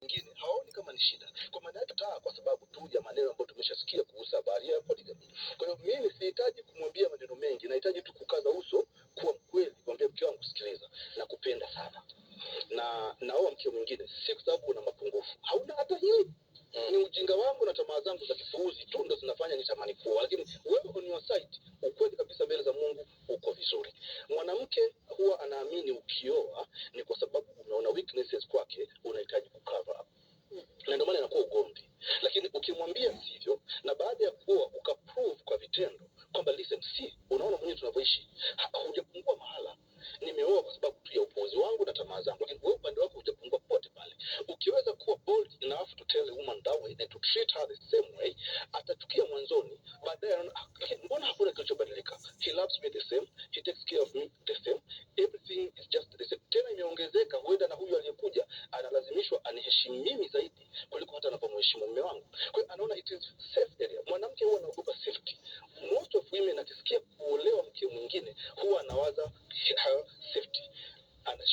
wengine haoni kama ni shida, kwa maana yake taa, kwa sababu tu ya maneno ambayo tumeshasikia kuhusu habari ya poligami. Kwa hiyo mimi sihitaji kumwambia maneno mengi, nahitaji tu kukaza uso, kuwa mkweli, kumwambia mke wangu, sikiliza, nakupenda sana na naoa mke mwingine, si kwa sababu una mapungufu, hauna hata hili ni ujinga wangu na tamaa zangu za kipuuzi tu ndo zinafanya nitamani kuoa, lakini wewe on your side, ukweli kabisa mbele za Mungu uko vizuri. Mwanamke huwa anaamini ukioa ni kwa sababu unaona weaknesses kwake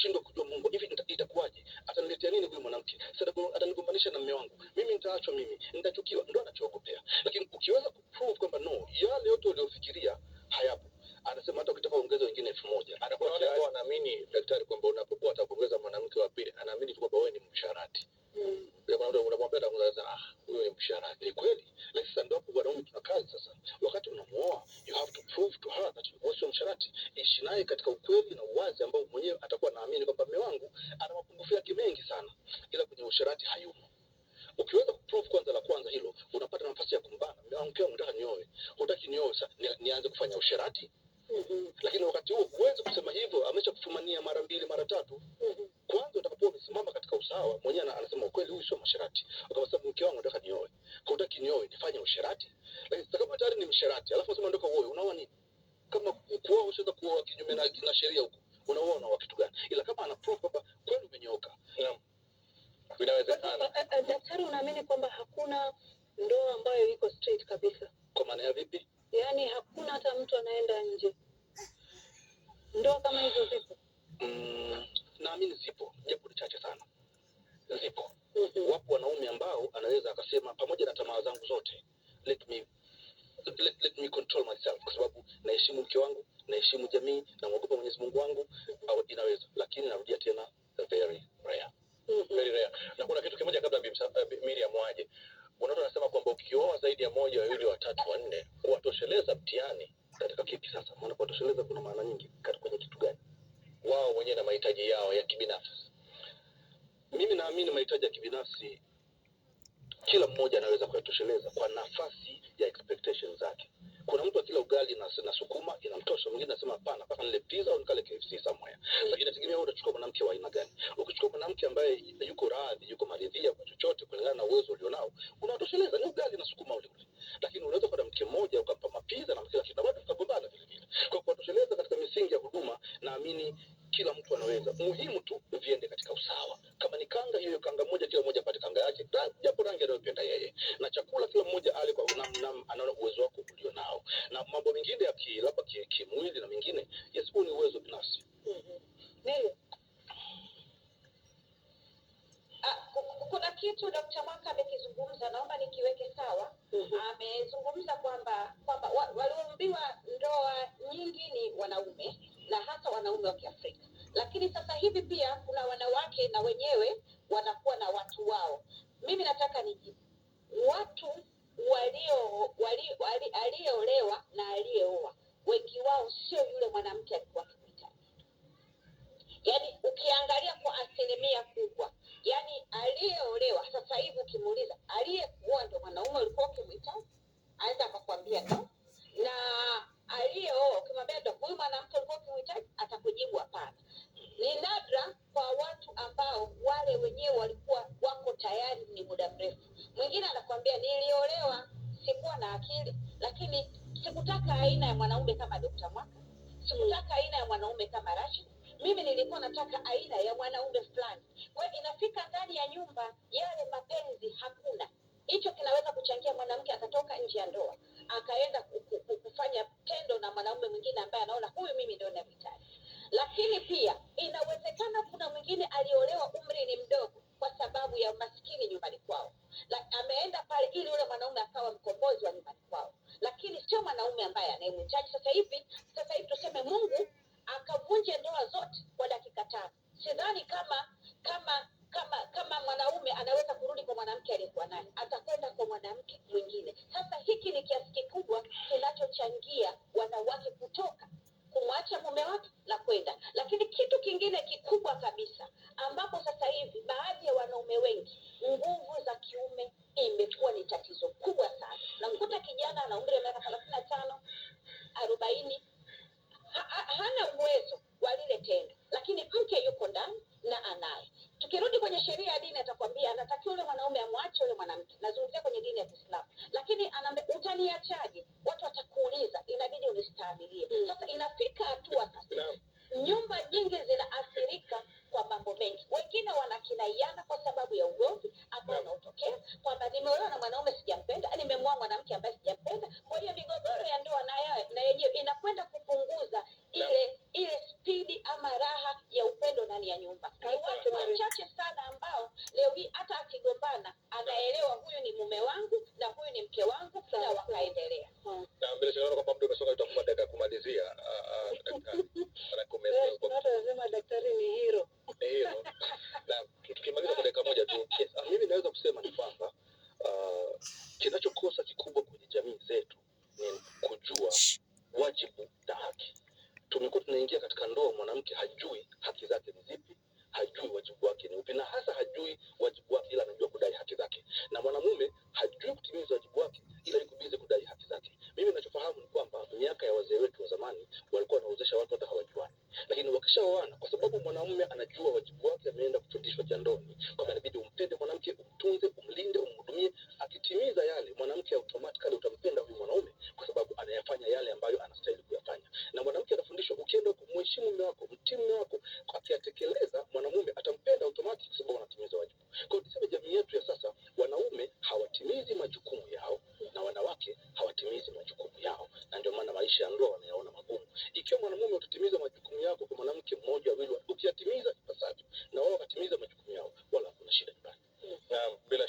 nashindwa kujua Mungu, hivi itakuwaje? Ataniletea nini huyu mwanamke? Atanigombanisha na mume wangu, mimi nitaachwa, mimi nitachukiwa, ndo anachoogopea. Lakini ukiweza kuprove kwamba no, yale yote uliofikiria hayapo, anasema hata ukitaka ongeza wengine elfu moja anakuwa anaamini daktari ishi naye katika ukweli na uwazi ambao mwenyewe atakuwa naamini kwamba mume wangu ana mapungufu yake mengi sana, ila kwenye usherati hayumo. Ukiweza kuprove kwanza la kwanza hilo, unapata nafasi ya kumbana mume wangu, kama unataka nioe, hutaki nioe, sasa nianze kufanya usherati Mm -hmm. Lakini wakati huo huwezi kusema hivyo, amesha kufumania mara mbili mara tatu. mm -hmm. Kwanza utakapokuwa umesimama katika usawa, mwenyewe anasema ukweli, huyu sio masharati. Ukasema mke wangu nataka nioe, kautaki nioe, nifanye usharati. Lakini sasa kama tayari ni msharati, alafu unasema ndoka uoe, unaoa nini? kama kuoa usiweza ushaweza kuwa kinyume na, na sheria huko unaona wa kitu gani ila kama ana proof kwamba kweli umenyoka naam inawezekana eh, eh, eh, daktari unaamini kwamba hakuna ndoa ambayo iko straight kabisa kwa maana ya vipi yaani hakuna hata mtu anaenda nje ndoa kama hizo zipo mm, naamini zipo japo ni chache sana zipo mm-hmm. wapo wanaume ambao anaweza akasema pamoja na tamaa zangu zote let me let, let me control myself, kwa sababu naheshimu mke wangu, naheshimu jamii, namwogopa Mwenyezi Mungu wangu, au inaweza lakini, narudia tena, very rare, very rare. Na kuna kitu kimoja kabla eh, Miriam waje, wanaona wanasema kwamba ukioa zaidi ya moja, wawili, watatu, wanne, kuwatosheleza mtihani katika kipi? Sasa maana kuwatosheleza kuna maana nyingi, kwenye kitu gani? Wao wenyewe na mahitaji yao ya kibinafsi. Mimi naamini mahitaji ya kibinafsi kila mmoja anaweza kuyatosheleza kwa nafasi ya mwingine anasema hapana, paka nile pizza au nikale KFC somewhere. Lakini inategemea utachukua mwanamke wa aina gani. Ukichukua mwanamke ambaye yuko radhi, yuko maridhia kwa chochote kulingana na uwezo ulionao, unatosheleza, ni ugali na sukuma ule ule. Lakini unaweza kwenda mke mmoja ukampa mapiza na kila kitu, bado tutagombana vile vile. Kwa kuwatosheleza katika misingi ya huduma, naamini kila mtu anaweza. Muhimu rangi anayopenda yeye, na chakula kila mmoja ale kwa namna anaona uwezo wako ulio nao, na mambo mengine ya labda kimwili na mengine, yes, huu ni uwezo binafsi. Mm-hmm. Mm-hmm. Ah, kuna kitu Dr. Mwaka amekizungumza, naomba nikiweke sawa. mm-hmm. Amezungumza kwamba kwamba walioumbiwa ndoa nyingi ni wanaume na hasa wanaume wa Kiafrika, lakini sasa hivi pia kuna wanawake na wenyewe wanakuwa na watu wao mimi nataka nijibu watu walio aliyeolewa na aliyeoa wengi wao sio yule mwanamke alikuwa akimhitaji. Yaani ukiangalia kwa asilimia kubwa sikutaka aina ya mwanaume kama Dr. Mwaka, sikutaka aina ya mwanaume kama Rashid. Mimi nilikuwa nataka aina ya mwanaume fulani. Kwa hiyo inafika ndani ya nyumba, yale mapenzi hakuna. Hicho kinaweza kuchangia mwanamke akatoka nje ya ndoa akaenda kufanya tendo na mwanaume mwingine ambaye anaona huyu mimi ndio navitaka, lakini pia bora zote kwa dakika tano. Sidhani kama kama kama kama mwanaume anaweza kurudi kwa mwanamke aliyekuwa naye, atakwenda kwa mwanamke mwingine. Sasa hiki ni kiasi kikubwa kinachochangia wanawake kutoka kumwacha mume wake na kwenda. Lakini kitu kingine kikubwa kabisa, ambapo sasa hivi baadhi ya wanaume wengi, nguvu za kiume imekuwa ni tatizo kubwa sana. Namkuta kijana ana umri wa miaka thelathini na tano arobaini familia. Sasa inafika hatua sasa nyumba nyingi zinaathirika kwa mambo mengi. Wengine wanakinaiana kwa sababu ya ugomvi ambao unaotokea kwamba nimeolewa na mwanaume sijampenda, nimemoa mwanamke ambaye sijampenda. Kwa hiyo migogoro ya ndoa na yenyewe inakwenda kupunguza ile ile spidi ama raha ya upendo ndani ya nyumba. Ni watu wachache sana ambao leo hii hata akigombana anaelewa huyu ni mume wangu na huyu ni mke wangu, na wakaendelea. anaingia katika ndoa mwanamke hajui haki zake ni zipi, hajui wajibu wake ni upi, na hasa hajui wajibu wake, ila anajua kudai haki zake, na mwanamume hajui kutimiza wajibu wake, ila ikubize kudai haki zake. Mimi nachofahamu ni kwamba miaka ya wazee wetu wa zamani walikuwa wanaozesha watu hata hawajuani, lakini wakishaoana, kwa sababu mwanamume anajua wajibu wake, ameenda kufundishwa cha jandoni kwamba inabidi umpende mwanamke, umtunze, umlinde, umhudumie. Akitimiza yale, mwanamke automatically utampenda huyu mwanaume, kwa sababu anayafanya yale ambayo anastahili kuyafanya, na mwanamke kuheshimu mume wako, mtii mume wako, akiyatekeleza mwanamume